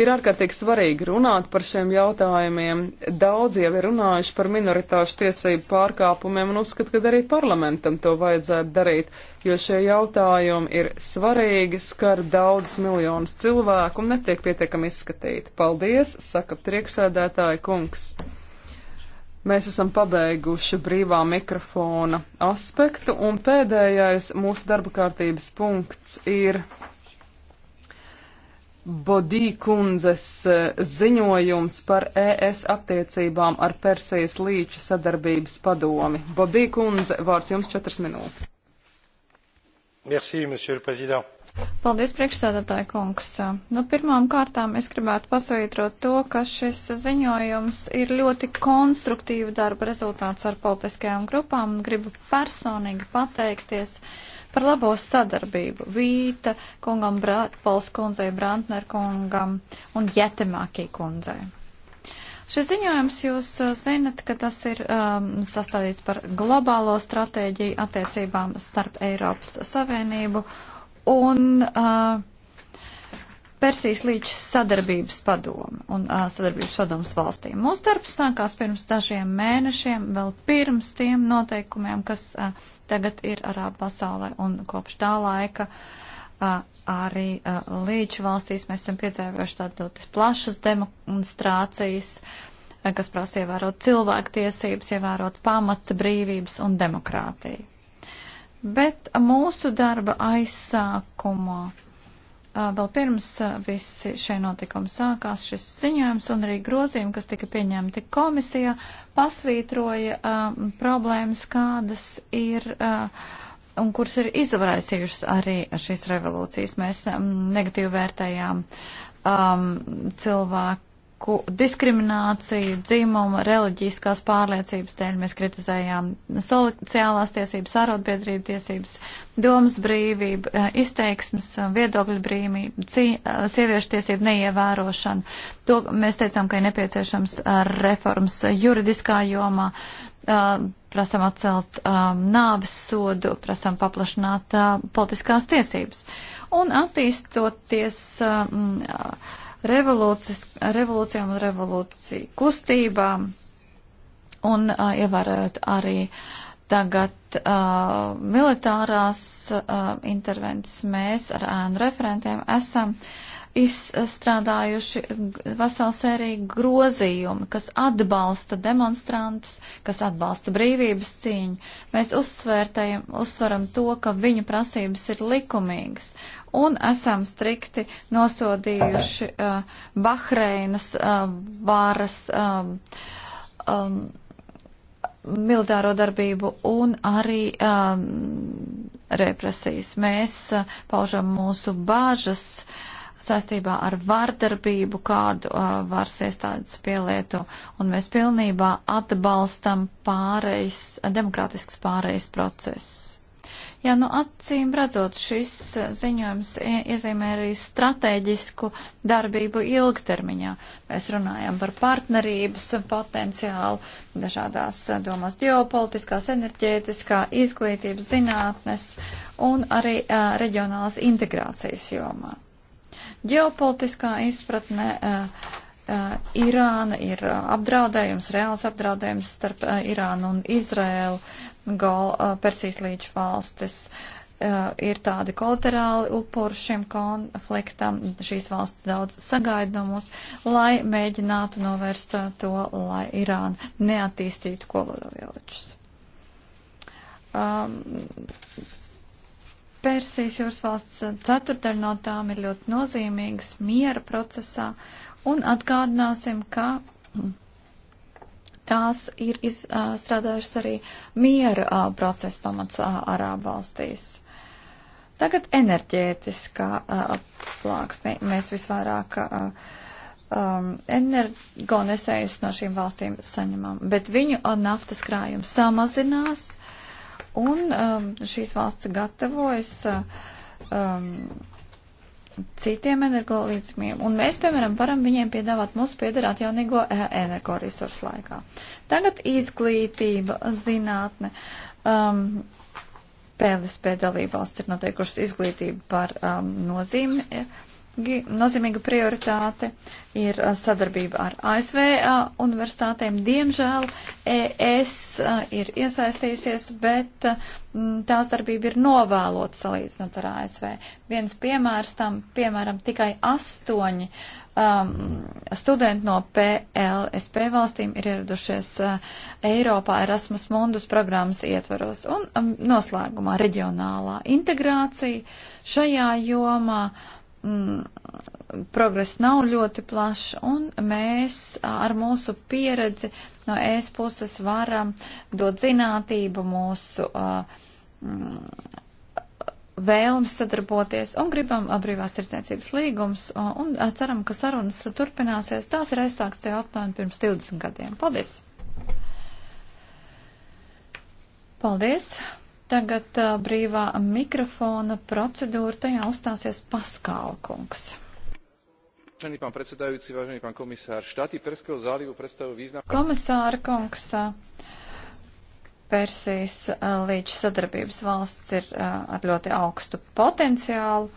Ir ārkārtīgi svarīgi runāt par šiem jautājumiem. Daudz jau ir runājuši par minoritāšu tiesību pārkāpumiem un uzskat, ka arī parlamentam to vajadzētu darīt, jo šie jautājumi ir svarīgi, skar daudzus miljonus cilvēku un netiek pietiekami izskatīti. Paldies, saka priekšsēdētāja kungs. Mēs esam pabeiguši brīvā mikrofona aspektu un pēdējais mūsu darba kārtības punkts ir Bodī kundzes eh, ziņojums par ES attiecībām ar Persijas līča sadarbības padomi. Bodī kundze, vārds jums četras minūtes. Merci, monsieur le président. Paldies, priekšsēdētāji kungs. Nu, pirmām kārtām es gribētu pasvītrot to, ka šis ziņojums ir ļoti konstruktīva darba rezultāts ar politiskajām grupām un gribu personīgi pateikties par labo sadarbību Vīta kungam, Pols kundzei, Brantner kungam un Jetemākī kundzei. Šis ziņojums jūs uh, zinat, ka tas ir um, sastādīts par globālo stratēģiju attiecībām starp Eiropas Savienību un uh, Persijas līča sadarbības padomu un uh, sadarbības padomas valstīm. Mūsu darbs sākās pirms dažiem mēnešiem, vēl pirms tiem noteikumiem, kas uh, tagad ir arā pasaulē un kopš tā laika uh, arī uh, līča valstīs mēs esam piedzēvējuši tādas plašas demonstrācijas, uh, kas prasa ievērot cilvēktiesības, ievērot pamata brīvības un demokrātiju. Bet mūsu darba aizsākumā, vēl pirms visi šie notikumi sākās, šis ziņojums un arī grozījumi, kas tika pieņemti komisijā, pasvītroja uh, problēmas, kādas ir. Uh, un kuras ir izraisījušas arī šīs revolūcijas. Mēs um, negatīvi vērtējām um, cilvēku cilvēku diskrimināciju dzimuma, reliģiskās pārliecības dēļ. Mēs kritizējām sociālās tiesības, arotbiedrību tiesības, domas brīvību, eh, izteiksmes, eh, viedokļu brīvību, eh, sieviešu tiesību neievērošanu. To mēs teicām, ka ir nepieciešams reformas juridiskā jomā. Prasam atcelt um, nāves sodu, prasam paplašināt uh, politiskās tiesības. Un attīstoties um, uh, revolūcijām un revolūciju kustībām un uh, ievērojot arī tagad uh, militārās uh, intervences mēs ar ēnu referentiem esam uh, izstrādājuši veselu sēriju grozījumu, kas atbalsta demonstrantus, kas atbalsta brīvības cīņu. Mēs uzsveram to, ka viņu prasības ir likumīgas un esam strikti nosodījuši uh, Bahreinas uh, varas um, um, militāro darbību un arī um, represijas. Mēs uh, paužam mūsu bāžas. Uh, saistībā ar vardarbību, kādu uh, varas iestādes pielieto, un mēs pilnībā atbalstam pārejas, demokrātisks pārejas procesus. Jā, nu acīm redzot, šis uh, ziņojums iezīmē arī strateģisku darbību ilgtermiņā. Mēs runājam par partnerības potenciālu dažādās uh, domās ģeopolitiskās, enerģētiskā, izglītības zinātnes un arī uh, reģionālas integrācijas jomā. Ģeopolitiskā izpratnē uh, uh, Irāna ir apdraudējums, reāls apdraudējums starp uh, Irānu un Izrēlu, Gol, uh, Persijas līča valstis. Uh, ir tādi kolaterāli upuri šim konfliktam. Šīs valsts daudz sagaida no mums, lai mēģinātu novērst to, lai Irāna neattīstītu kolaterāli ieročus. Um, Persijas jūras valsts ceturtaļa no tām ir ļoti nozīmīgas miera procesā, un atgādināsim, ka tās ir izstrādājušas arī miera procesa pamats Arābu valstīs. Tagad enerģētiskā plāksne. Mēs visvairāk um, energonesējus no šīm valstīm saņemam, bet viņu naftas krājums samazinās. Uh, Un um, šīs valsts gatavojas uh, um, citiem energolīdzmiem. Un mēs, piemēram, varam viņiem piedāvāt mūsu piedarāt jaunīgo e, energoresursu laikā. Tagad izglītība, zinātne. Um, PLSP dalībvalsts ir noteikušas izglītību par um, nozīmi. Ja? nozīmīga prioritāte ir sadarbība ar ASV universitātēm. Diemžēl ES ir iesaistījusies, bet tās darbība ir novēlota salīdzinot ar ASV. Viens piemērs tam, piemēram, tikai astoņi um, studenti no PLSP valstīm ir ieradušies uh, Eiropā Erasmus Mundus programmas ietvaros. Un um, noslēgumā reģionālā integrācija šajā jomā. Uh, Mm, progress nav ļoti plašs, un mēs ar mūsu pieredzi no ēs puses varam dot zinātību mūsu uh, vēlmes sadarboties un gribam brīvās tirdzniecības līgums uh, un uh, ceram, ka sarunas turpināsies. Tās ir aizsākts jau aptuveni pirms 20 gadiem. Paldies! Paldies! Tagad uh, brīvā mikrofona procedūra, tajā uzstāsies Paskālkungs. Vážený pán predsedajúci, vážený pán komisár, štáty Perského zálivu predstavujú význam... Komisāra kungs, Persijas līdz sadarbības valsts ir ar ļoti augstu potenciālu.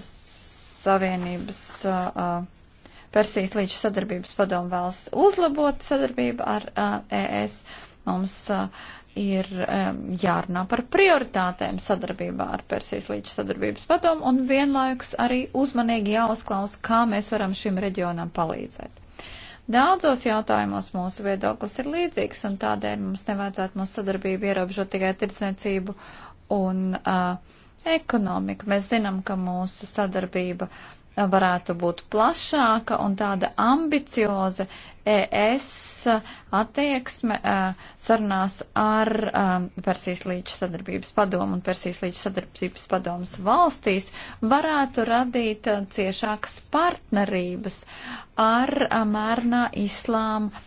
Savienības uh, Persijas līdz sadarbības padomu vēlas uzlabot sadarbību ar uh, ES. Mums uh, ir um, jārunā par prioritātēm sadarbībā ar Persijas līča sadarbības padomu un vienlaikus arī uzmanīgi jāuzklaus, kā mēs varam šim reģionam palīdzēt. Daudzos jautājumos mūsu viedoklis ir līdzīgs, un tādēļ mums nevajadzētu mūsu sadarbību ierobežot tikai tirdzniecību un uh, ekonomiku. Mēs zinām, ka mūsu sadarbība uh, varētu būt plašāka un tāda ambicioza ES attieksme sarunās ar Persijas līča sadarbības padomu un Persijas līča sadarbības padomas valstīs varētu radīt ciešākas partnerības ar mērnā islāma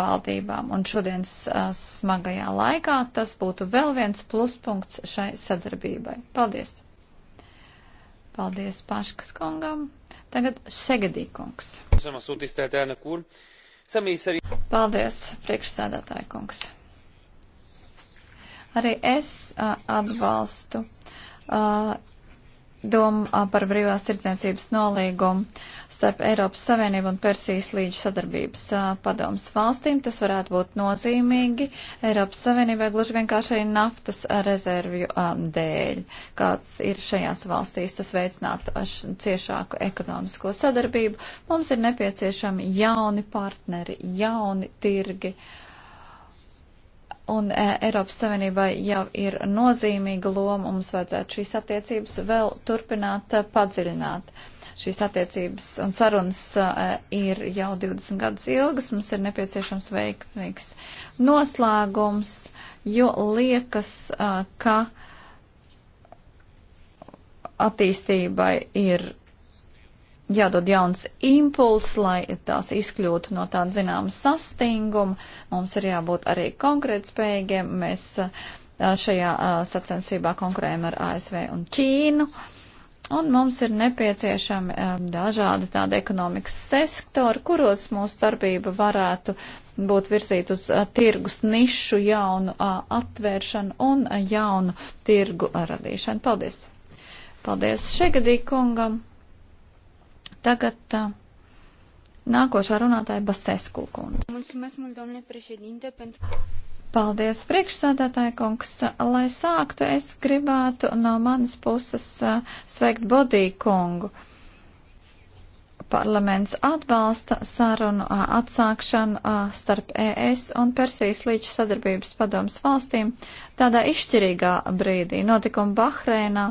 valdībām. Un šodienas smagajā laikā tas būtu vēl viens pluspunkts šai sadarbībai. Paldies! Paldies Paškas kungam. Tagad Segedī kungs. Paldies, priekšsēdētāja kungs. Arī es a, atbalstu. A, doma par brīvās tirdzniecības nolīgumu starp Eiropas Savienību un Persijas līdz sadarbības padomas valstīm. Tas varētu būt nozīmīgi Eiropas Savienībai gluži vienkārši arī naftas rezervju dēļ, kāds ir šajās valstīs. Tas veicinātu ciešāku ekonomisko sadarbību. Mums ir nepieciešami jauni partneri, jauni tirgi. Uh, Un e, Eiropas Savienībai jau ir nozīmīga loma, mums vajadzētu šīs attiecības vēl turpināt e, padziļināt. Šīs attiecības un sarunas e, ir jau 20 gadus ilgas, mums ir nepieciešams veikmīgs noslēgums, jo liekas, e, ka attīstībai ir jādod jauns impuls, lai tās izkļūtu no tāda zināma sastinguma. Mums ir jābūt arī konkrētspējīgiem. Mēs šajā sacensībā konkurējam ar ASV un Ķīnu. Un mums ir nepieciešami dažādi tādi ekonomikas sektori, kuros mūsu starpība varētu būt virzīt uz tirgus nišu jaunu atvēršanu un jaunu tirgu radīšanu. Paldies! Paldies Šegadī kungam! Tagad uh, nākošā runātāja Basesku kundze. Paldies, priekšsādātāja kungs. Lai sāktu, es gribētu no manas puses uh, sveikt Bodī kungu. Uh, Parlaments atbalsta sarunu atsākšanu starp ES un Persijas līča sadarbības padomas valstīm. Tādā izšķirīgā brīdī notikuma Bahreinā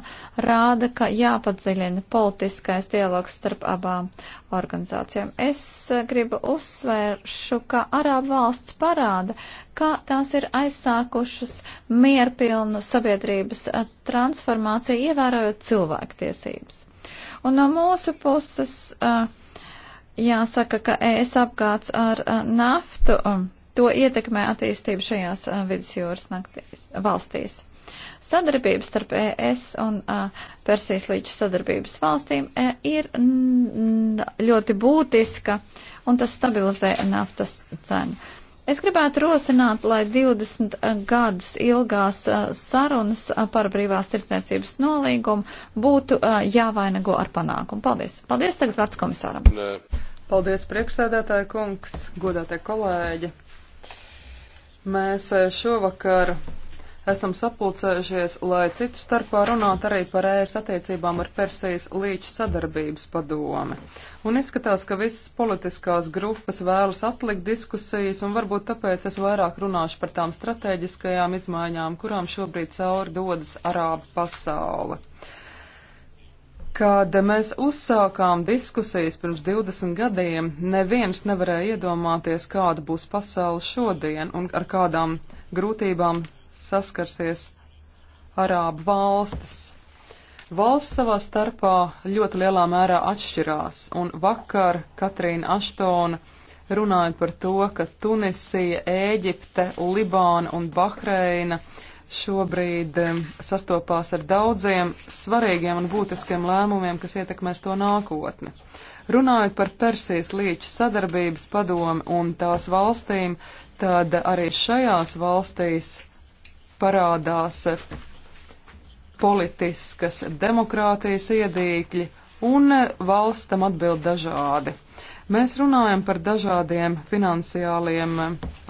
rāda, ka jāpadziļina politiskais dialogs starp abām organizācijām. Es gribu uzsvēršu, ka Arābu valsts parāda, ka tās ir aizsākušas mierpilnu sabiedrības transformāciju, ievērojot cilvēktiesības Un no mūsu puses jāsaka, ka es apgāds ar naftu, to ietekmē attīstību šajās vidusjūras naktīs, valstīs. Sadarbības starp ES un uh, Persijas līča sadarbības valstīm e, ir ļoti būtiska, un tas stabilizē naftas cenu. Es gribētu rosināt, lai 20 eh, gadus ilgās eh, sarunas eh, par brīvās tirdzniecības nolīgumu būtu jāvainago ar panākumu. Paldies! Paldies tagad vārds komisāram! Nē. Paldies, priekšsēdētāja kungs, godātie kolēģi! Mēs šovakar esam sapulcējušies, lai citu starpā runātu arī par ēras attiecībām ar Persijas līča sadarbības padomi. Un izskatās, ka visas politiskās grupas vēlas atlikt diskusijas, un varbūt tāpēc es vairāk runāšu par tām strateģiskajām izmaiņām, kurām šobrīd cauri dodas Arābu pasaule. Kad mēs uzsākām diskusijas pirms 20 gadiem, neviens nevarēja iedomāties, kāda būs pasaule šodien un ar kādām grūtībām saskarsies Arābu valstis. Valsts savā starpā ļoti lielā mērā atšķirās, un vakar Katrīna Aštona runājot par to, ka Tunisija, Ēģipte, Libāna un Bahreina šobrīd sastopās ar daudziem svarīgiem un būtiskiem lēmumiem, kas ietekmēs to nākotni. Runājot par Persijas līča sadarbības padomu un tās valstīm, tad arī šajās valstīs parādās politiskas demokrātijas iedīkļi, un valsts tam atbild dažādi. Mēs runājam par dažādiem finansiāliem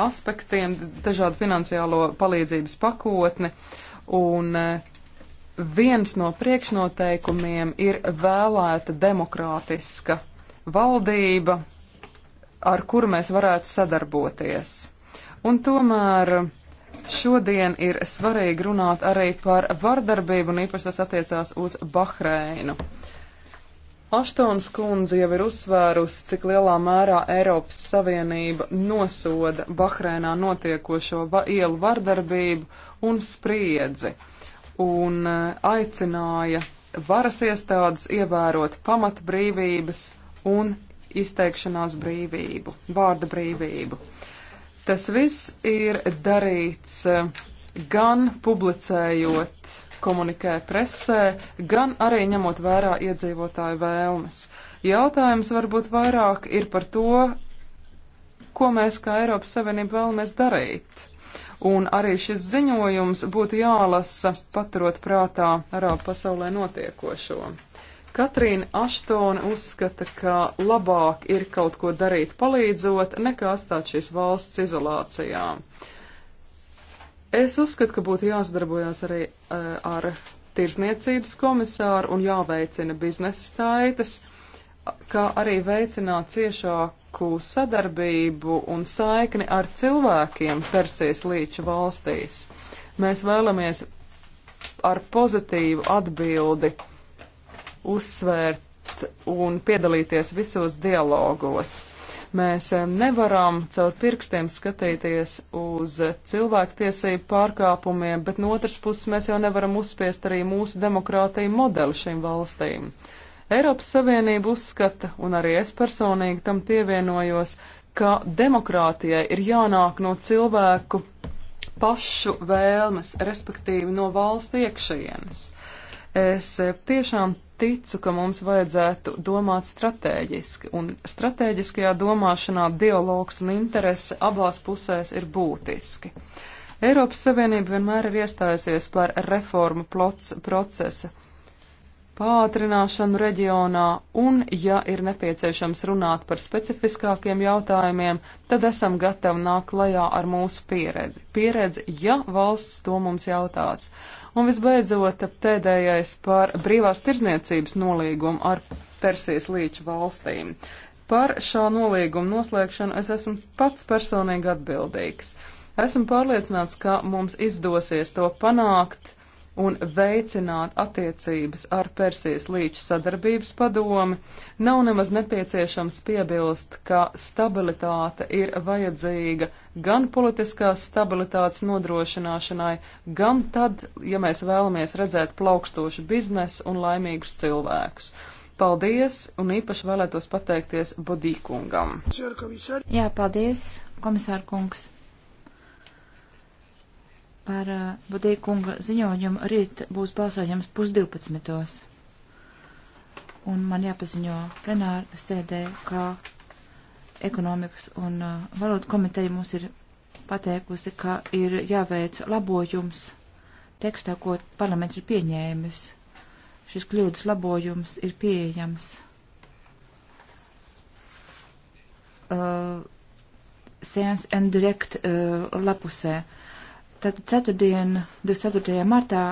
aspektiem, dažādu finansiālo palīdzības pakotni, un viens no priekšnoteikumiem ir vēlēta demokrātiska valdība, ar kuru mēs varētu sadarboties. Un tomēr Šodien ir svarīgi runāt arī par vardarbību, un īpaši tas attiecās uz Bahreinu. Aštons kundze jau ir uzsvērusi, cik lielā mērā Eiropas Savienība nosoda Bahreinā notiekošo va ielu vardarbību un spriedzi, un e, aicināja varas iestādes ievērot pamatbrīvības un izteikšanās brīvību, vārda brīvību. Uh, Tas viss ir darīts eh, gan publicējot komunikē presē, gan arī ņemot vērā iedzīvotāju vēlmes. Jautājums varbūt vairāk ir par to, ko mēs kā Eiropas Savienība vēlamies darīt. Un arī šis ziņojums būtu jālasa paturot prātā arābu pasaulē notiekošo. Katrīna Aštona uzskata, ka labāk ir kaut ko darīt palīdzot, nekā atstāt šīs valsts izolācijā. Es uzskatu, ka būtu jāsadarbojas arī uh, ar tirsniecības komisāru un jāveicina biznesa saites, kā arī veicināt ciešāku sadarbību un saikni ar cilvēkiem Persijas līča valstīs. Mēs vēlamies ar pozitīvu atbildi uzsvērt un piedalīties visos dialogos. Mēs eh, nevaram caur pirkstiem skatīties uz cilvēktiesību pārkāpumiem, bet no otras puses mēs jau nevaram uzspiest arī mūsu demokrātiju modeli šīm valstīm. Eiropas Savienība uzskata, un arī es personīgi tam pievienojos, ka demokrātijai ir jānāk no cilvēku pašu vēlmes, respektīvi no valsts iekšienes. Es eh, tiešām ticu, ka mums vajadzētu domāt strateģiski, un strateģiskajā domāšanā dialogs un interese abās pusēs ir būtiski. Eiropas Savienība vienmēr ir iestājusies par reformu procesu pātrināšanu reģionā, un, ja ir nepieciešams runāt par specifiskākiem jautājumiem, tad esam gatavi nākt klajā ar mūsu pieredzi. Pieredzi, ja valsts to mums jautās. Un visbeidzot, pēdējais par brīvās tirzniecības nolīgumu ar Persijas līča valstīm. Par šā nolīguma noslēgšanu es esmu pats personīgi atbildīgs. Esmu pārliecināts, ka mums izdosies to panākt un veicināt attiecības ar Persijas līča sadarbības padomi, nav nemaz nepieciešams piebilst, ka stabilitāte ir vajadzīga gan politiskās stabilitātes nodrošināšanai, gan tad, ja mēs vēlamies redzēt plaukstošu biznesu un laimīgus cilvēkus. Paldies, un īpaši vēlētos pateikties Bodīkungam. Jā, paldies, komisārkungs par eh, Budīkunga ziņojumu rīt būs balsojums pusdivpadsmitos. Un man jāpaziņo plenāra sēdē, kā ekonomikas un eh, valodu komiteja mums ir pateikusi, ka ir jāveic labojums tekstā, ko parlaments ir pieņēmis. Šis kļūdas labojums ir pieejams. Uh, eh, Sēns and Direct uh, lapusē. Uh, Tad ceturtdien, 24. martā,